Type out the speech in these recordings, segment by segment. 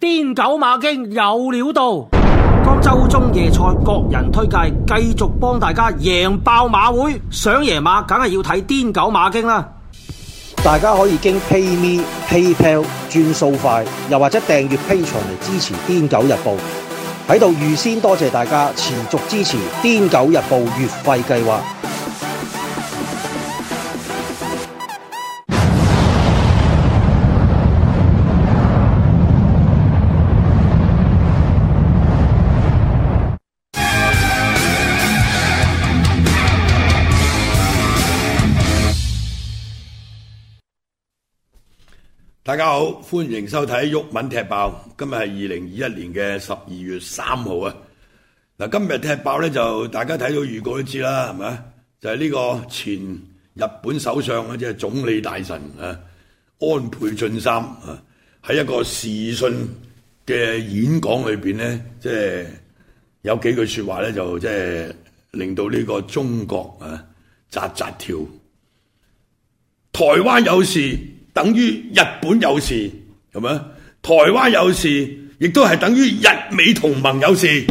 癲狗馬經有料到，江州中夜賽，各人推介繼續幫大家贏爆馬會。想贏馬梗係要睇癲狗馬經啦。大家可以經 PayMe、PayPal 轉數快，又或者訂閱 Patreon 嚟支持癲狗日報。喺度預先多謝大家持續支持癲狗日報月費計劃。大家好，歡迎收睇《毓民踢爆》。今日係二零二一年嘅十二月三號啊！嗱，今日踢爆咧，就大家睇到預告都知啦，係咪啊？就係呢個前日本首相即係總理大臣啊，安倍晉三啊，喺一個視訊嘅演講裏邊咧，即係有幾句說話咧，就即係令到呢個中國啊扎扎跳，台灣有事。等於日本有事係咪？台灣有事，亦都係等於日美同盟有事。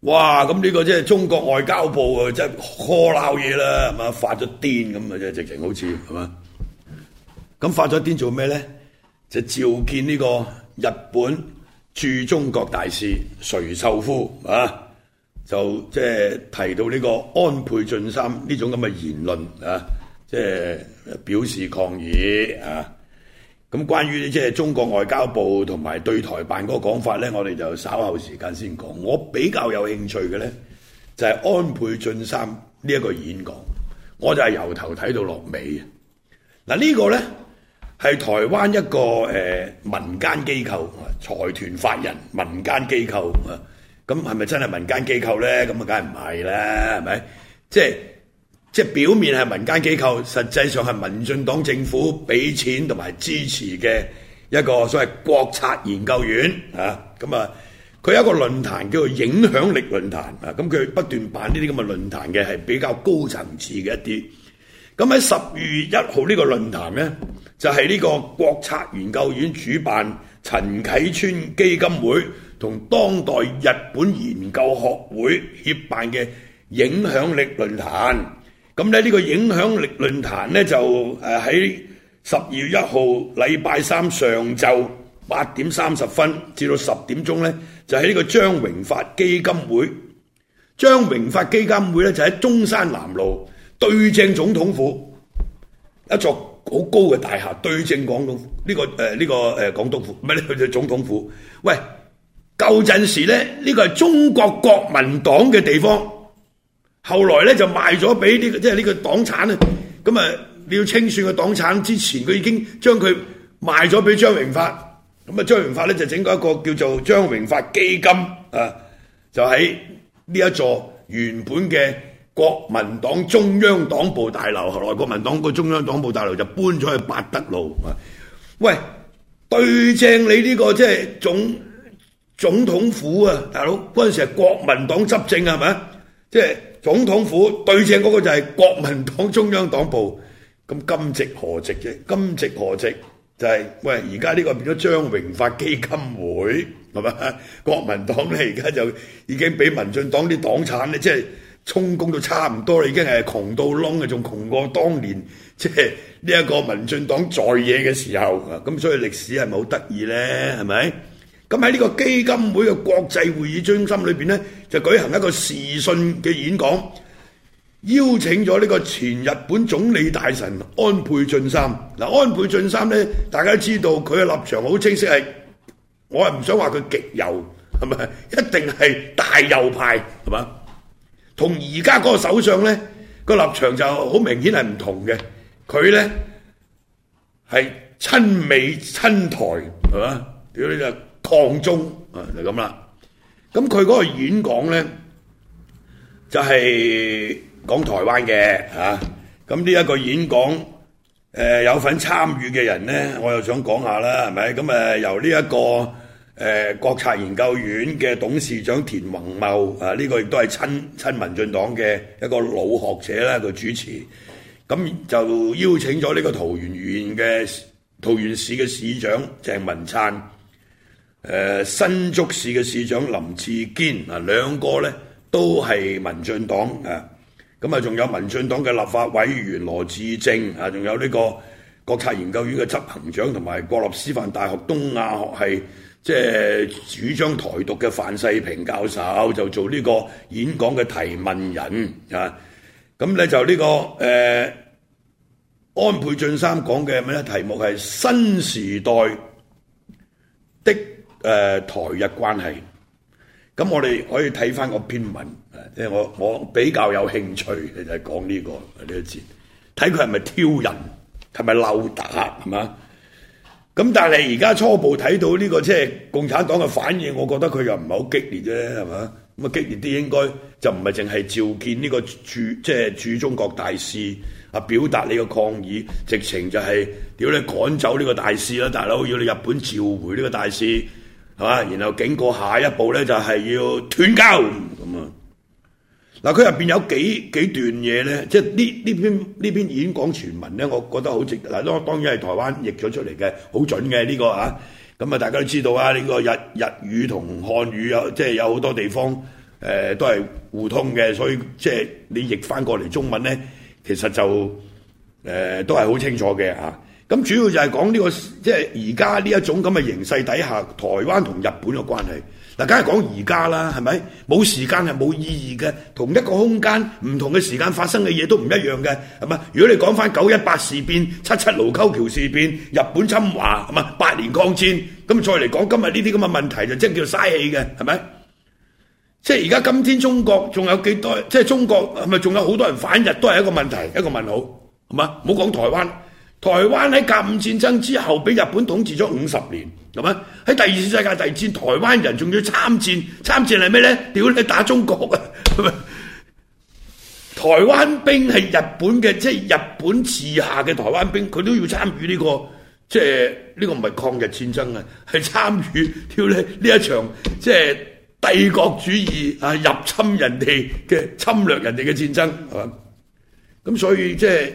哇！咁呢個即係中國外交部啊，即係鬧嘢啦，係嘛發咗癲咁啊，即係直情好似係嘛。咁發咗癲做咩咧？就召見呢個日本駐中國大使垂秀夫啊，就即係提到呢個安倍晉三呢種咁嘅言論啊。即係表示抗議啊！咁關於即係中國外交部同埋對台辦嗰個講法咧，我哋就稍後時間先講。我比較有興趣嘅咧，就係安倍晉三呢一個演講，我就係由頭睇到落尾啊！嗱，呢個咧係台灣一個誒民間機構、財團法人、民間機構啊！咁係咪真係民間機構咧？咁啊，梗係唔係啦？係咪？即係。即表面係民間機構，實際上係民進黨政府俾錢同埋支持嘅一個所謂國策研究院嚇。咁啊，佢、嗯、有一個論壇叫做影響力論壇啊。咁、嗯、佢不斷辦呢啲咁嘅論壇嘅係比較高層次嘅一啲。咁喺十二月一號呢個論壇呢，就係、是、呢個國策研究院主辦、陳啟川基金會同當代日本研究學會協辦嘅影響力論壇。咁咧呢個影響力論壇呢，就誒喺十二月一號禮拜三上晝八點三十分至到十點鐘呢，就喺呢個張榮發基金會。張榮發基金會呢，就喺中山南路對正總統府一座好高嘅大廈，對正廣東呢個誒呢個誒廣東府，唔係呢佢哋總統府。喂，舊陣時呢，呢個係中國國民黨嘅地方。後來咧就賣咗俾呢即係呢個黨產咧，咁啊你要清算個黨產之前，佢已經將佢賣咗俾張榮發，咁啊張榮發咧就整過一個叫做張榮發基金啊，就喺呢一座原本嘅國民黨中央黨部大樓，後來國民黨個中央黨部大樓就搬咗去八德路啊。喂，對正你呢，這個即係、就是、總總統府啊，大佬嗰陣時係國民黨執政係咪？即係。總統府對正嗰個就係國民黨中央黨部，咁今夕何夕啫？今夕何夕就係、是、喂，而家呢個變咗張榮發基金會係嘛？國民黨咧而家就已經俾民進黨啲黨產咧，即、就、係、是、充公到差唔多啦，已經係窮到窿啊，仲窮過當年即係呢一個民進黨在野嘅時候啊，咁所以歷史係咪好得意咧？係咪？咁喺呢個基金會嘅國際會議中心裏邊咧，就舉行一個視訊嘅演講，邀請咗呢個前日本總理大臣安倍晉三嗱。安倍晉三咧，大家都知道佢嘅立場好清晰，係我係唔想話佢極右，係咪一定係大右派係嘛？同而家嗰個首相咧，個立場就好明顯係唔同嘅。佢咧係親美親台係嘛？屌你就～抗中啊，就咁啦。咁佢嗰個演講呢，就係、是、講台灣嘅啊。咁呢一個演講，誒、呃、有份參與嘅人呢，我又想講下啦，係咪？咁誒由呢、這、一個誒、呃、國策研究院嘅董事長田宏茂啊，呢、這個亦都係親親民進黨嘅一個老學者啦，佢主持。咁就邀請咗呢個桃園縣嘅桃園市嘅市長鄭文燦。誒，新竹市嘅市長林志堅啊，兩個咧都係民進黨啊，咁啊仲有民進黨嘅立法委員羅致政啊，仲有呢個國策研究院嘅執行長，同埋國立師範大學東亞學系即係主張台獨嘅范世平教授，就做呢個演講嘅提問人啊。咁咧就呢、這個誒、啊，安倍晉三講嘅咩咧？題目係新時代的。誒、呃、台日關係，咁我哋可以睇翻個篇文，即係我我比較有興趣，你就係、是、講呢、這個呢一節，睇佢係咪挑人，係咪鬧打，係嘛？咁但係而家初步睇到呢個即係共產黨嘅反應，我覺得佢又唔係好激烈啫，係嘛？咁啊激烈啲應該就唔係淨係召見呢個駐即係駐中國大使啊，表達你嘅抗議，直情就係要你趕走呢個大使啦，大佬要你日本召回呢個大使。係嘛？然後警告下一步咧，就係要斷交咁啊！嗱，佢入面有幾幾段嘢咧，即係呢呢篇呢篇演講全文咧，我覺得好值得嗱。當然係台灣譯咗出嚟嘅，好、這個、準嘅呢個啊。咁啊，大家都知道啊，呢、這個日日語同漢語即係有好多地方誒、呃、都係互通嘅，所以即係你譯翻過嚟中文咧，其實就誒、呃、都係好清楚嘅咁主要就係講呢個，即係而家呢一種咁嘅形勢底下，台灣同日本嘅關係，嗱梗係講而家啦，係咪？冇時間係冇意義嘅，同一個空間唔同嘅時間發生嘅嘢都唔一樣嘅，係嘛？如果你講翻九一八事變、七七盧溝橋事變、日本侵華，係嘛？八年抗戰，咁再嚟講今日呢啲咁嘅問題，就真係叫嘥氣嘅，係咪？即係而家今天中國仲有幾多？即係中國係咪仲有好多人反日都係一個問題，一個問號，係嘛？冇講台灣。台灣喺甲午戰爭之後俾日本統治咗五十年，係咪？喺第二次世界大戰，台灣人仲要參戰，參戰係咩咧？屌你打中國啊！台灣兵係日本嘅，即係日本治下嘅台灣兵，佢都要參與呢個，即係呢個唔係抗日戰爭啊，係參與挑起呢一場即係帝國主義啊入侵人哋嘅侵略人哋嘅戰爭，係咪？咁所以即係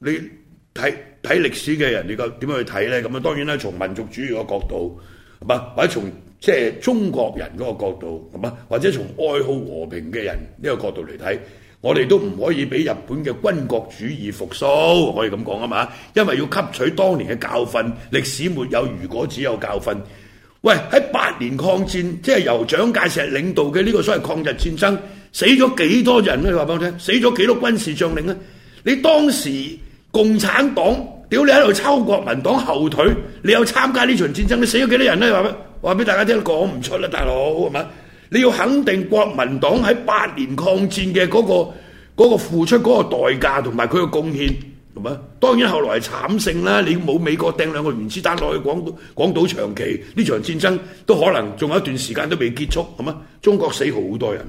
你。睇睇歷史嘅人，你個點樣去睇呢？咁啊，當然咧，從民族主義嘅角度，唔或者從即係中國人嗰個角度，唔啊，或者從愛好和平嘅人呢個角度嚟睇，我哋都唔可以俾日本嘅軍國主義復甦，可以咁講啊嘛。因為要吸取當年嘅教訓，歷史沒有如果，只有教訓。喂，喺八年抗戰，即係由蔣介石領導嘅呢個所謂抗日戰爭，死咗幾多人咧、啊？你話俾我聽，死咗幾多軍事將領咧、啊？你當時。共產黨，屌你喺度抽國民黨後腿！你有參加呢場戰爭？你死咗幾多人呢？話咩？話俾大家聽，講唔出啦，大佬係嘛？你要肯定國民黨喺八年抗戰嘅嗰個嗰個付出嗰個代價同埋佢嘅貢獻，係嘛？當然後來係慘勝啦，你冇美國掟兩個原子彈落去廣廣島，長期呢場戰爭都可能仲有一段時間都未結束，係嘛？中國死好多人，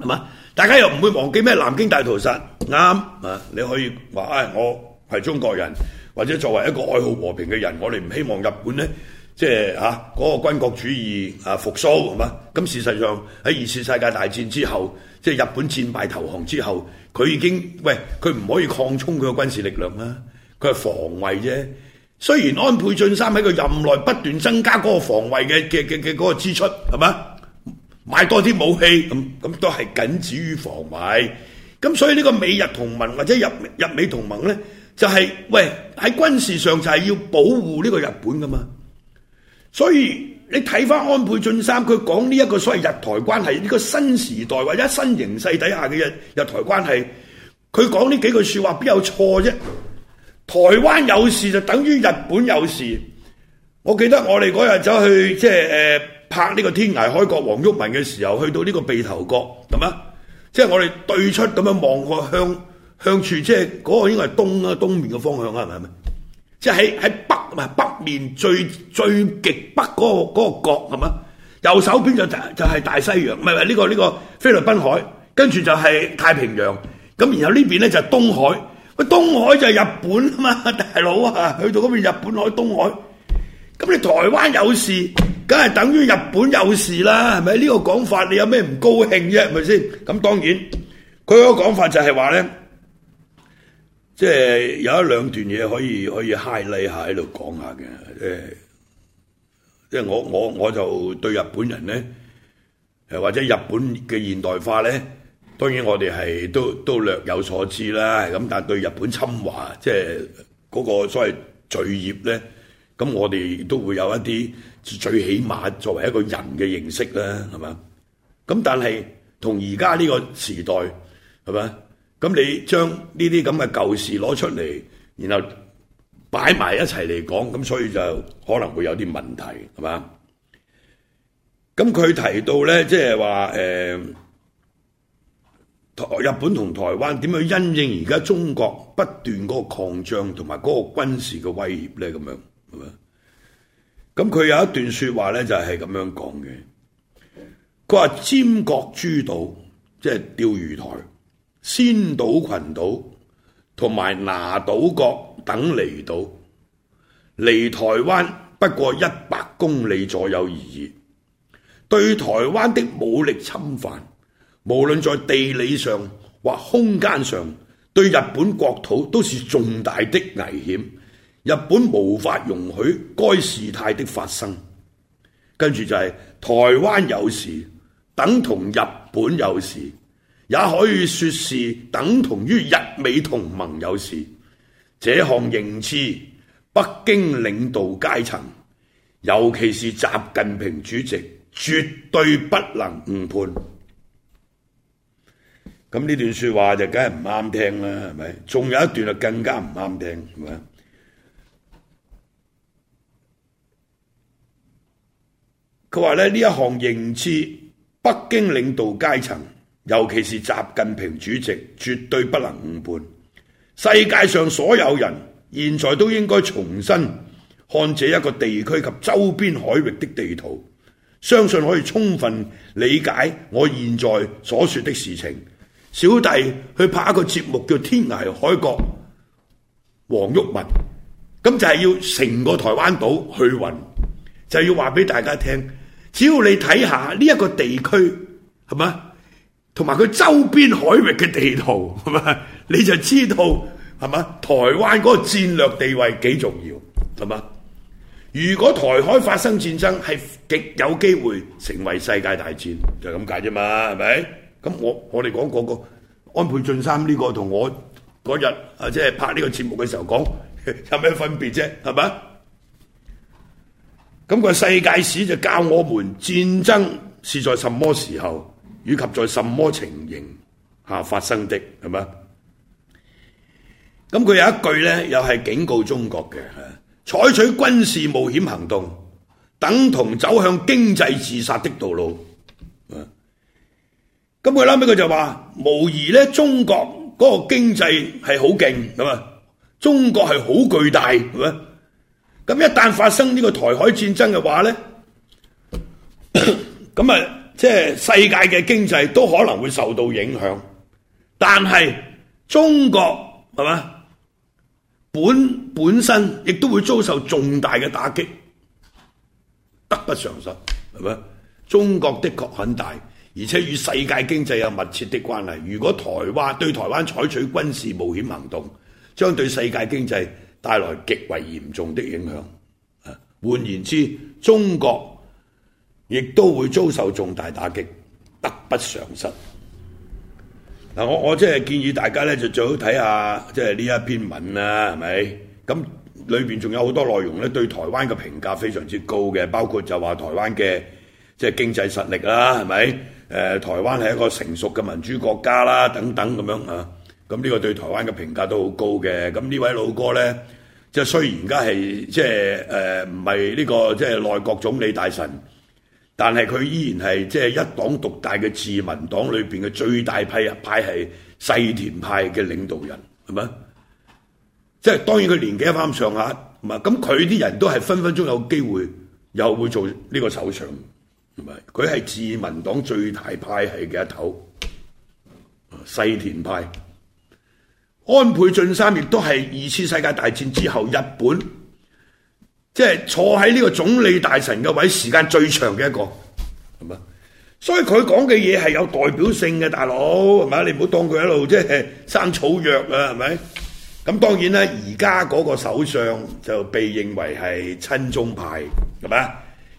係嘛？大家又唔會忘記咩南京大屠殺。啱啊！你可以話啊，哎，我係中國人，或者作為一個愛好和平嘅人，我哋唔希望日本呢，即係嚇嗰個軍國主義啊復甦係嘛？咁事實上喺二次世界大戰之後，即係日本戰敗投降之後，佢已經喂，佢唔可以擴充佢嘅軍事力量啦，佢係防衞啫。雖然安倍晉三喺個任內不斷增加嗰個防衛嘅嘅嘅支出係嘛，買多啲武器咁咁都係僅止於防衛咁所以呢個美日同盟或者日日美同盟呢，就係、是、喂喺軍事上就係要保護呢個日本噶嘛。所以你睇翻安倍晉三佢講呢一個所謂日台關係呢、這個新時代或者新形勢底下嘅日日台關係，佢講呢幾句說話邊有錯啫？台灣有事就等於日本有事。我記得我哋嗰日走去即係、呃、拍呢、這個《天涯海角》黃毓民》嘅時候，去到呢個鼻頭角，咁啊。即係我哋對出咁樣望過向向住，即係嗰個應該係東啦，東面嘅方向啊，係咪？即係喺喺北唔係北面最最極北嗰個嗰個角係嘛？右手邊就就係大西洋，唔係唔係呢個呢個菲律賓海，跟住就係太平洋。咁然後呢邊咧就係東海，東海就係日本啊嘛，大佬啊，去到嗰邊日本海東海，咁你台灣有事。梗係等於日本有事啦，係咪？呢個講法你有咩唔高興啫？係咪先？咁當然，佢個講法就係話呢，即係有一兩段嘢可以可以 highlight 下喺度講下嘅。即係我我我就對日本人呢，或者日本嘅現代化呢，當然我哋係都都略有所知啦。咁但係對日本侵華，即係嗰個所謂罪孽呢，咁我哋都會有一啲最起碼作為一個人嘅認識啦，係嘛？咁但係同而家呢個時代係嘛？咁你將呢啲咁嘅舊事攞出嚟，然後擺埋一齊嚟講，咁所以就可能會有啲問題，係嘛？咁佢提到呢，即係話誒，日本同台灣點樣因應而家中國不斷嗰個擴張同埋嗰個軍事嘅威脅呢？咁樣。咁佢有一段說話呢就係、是、咁樣講嘅。佢話尖閣諸島，即係釣魚台、仙島群島同埋拿島國等離島，離台灣不過一百公里左右而已。對台灣的武力侵犯，無論在地理上或空間上，對日本國土都是重大的危險。日本無法容許該事態的發生，跟住就係、是、台灣有事，等同日本有事，也可以說是等同於日美同盟有事。這項認知，北京領導階層，尤其是習近平主席，絕對不能誤判。咁呢段說話就梗係唔啱聽啦，係咪？仲有一段就更加唔啱聽，係咪？佢話呢，呢一項刑次，北京領導階層，尤其是習近平主席，絕對不能誤判。世界上所有人現在都應該重新看這一個地區及周邊海域的地圖，相信可以充分理解我現在所說的事情。小弟去拍一個節目叫《天涯海角》，黃毓民，咁就係要成個台灣島去勻。就要話俾大家聽，只要你睇下呢一個地區係嘛，同埋佢周邊海域嘅地圖係嘛，你就知道係嘛台灣嗰個戰略地位幾重要係嘛？如果台海發生戰爭，係極有機會成為世界大戰，就係咁解啫嘛，係咪？咁我我哋講嗰個安倍晉三呢個同我嗰日啊，即係拍呢個節目嘅時候講， 有咩分別啫？係嘛？咁個世界史就教我們戰爭是在什麼時候，以及在什麼情形下發生的，係嘛？咁佢有一句咧，又係警告中國嘅，採取軍事冒險行動，等同走向經濟自殺的道路。咁佢拉尾佢就話，無疑咧，中國嗰個經濟係好勁，係咪？，中國係好巨大，係咪？咁一旦發生呢個台海戰爭嘅話咧，咁啊，即 係世界嘅經濟都可能會受到影響。但係中國係嘛，本本身亦都會遭受重大嘅打擊，得不償失係咪？中國的確很大，而且與世界經濟有密切的關係。如果台灣對台灣採取軍事冒險行動，將對世界經濟，帶來極為嚴重的影響，啊！換言之，中國亦都會遭受重大打擊，得不償失。嗱，我我即係建議大家咧，就最好睇下即係呢一篇文啦，係咪？咁裏邊仲有好多內容咧，對台灣嘅評價非常之高嘅，包括就話台灣嘅即係經濟實力啦，係咪？誒，台灣係一個成熟嘅民主國家啦，等等咁樣啊。咁呢個對台灣嘅評價都好高嘅。咁呢位老哥呢，即係雖然而家係即係唔係呢個即係、就是、內閣總理大臣，但係佢依然係即係一黨獨大嘅自民黨裏面嘅最大派一派係細田派嘅領導人，係咪？即、就、係、是、當然佢年紀一啱上下，咁佢啲人都係分分鐘有機會又會做呢個首相，係咪？佢係自民黨最大派系嘅一頭，細田派。安倍晉三亦都係二次世界大戰之後日本即係、就是、坐喺呢個總理大臣嘅位，時間最長嘅一個，係嘛？所以佢講嘅嘢係有代表性嘅，大佬係咪？你唔好當佢一路即係生草藥啊，係咪？咁當然啦，而家嗰個首相就被認為係親中派，係咪？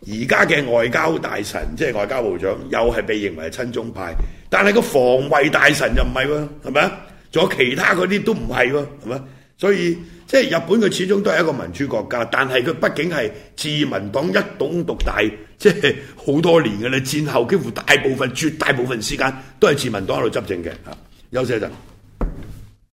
而家嘅外交大臣即係、就是、外交部長又係被認為係親中派，但係個防衛大臣就唔係喎，係咪啊？仲有其他嗰啲都唔係喎，係咪？所以即係日本佢始終都係一個民主國家，但係佢畢竟係自民黨一黨獨大，即係好多年嘅喇。戰後幾乎大部分絕大部分時間都係自民黨喺度執政嘅。啊，休息一陣。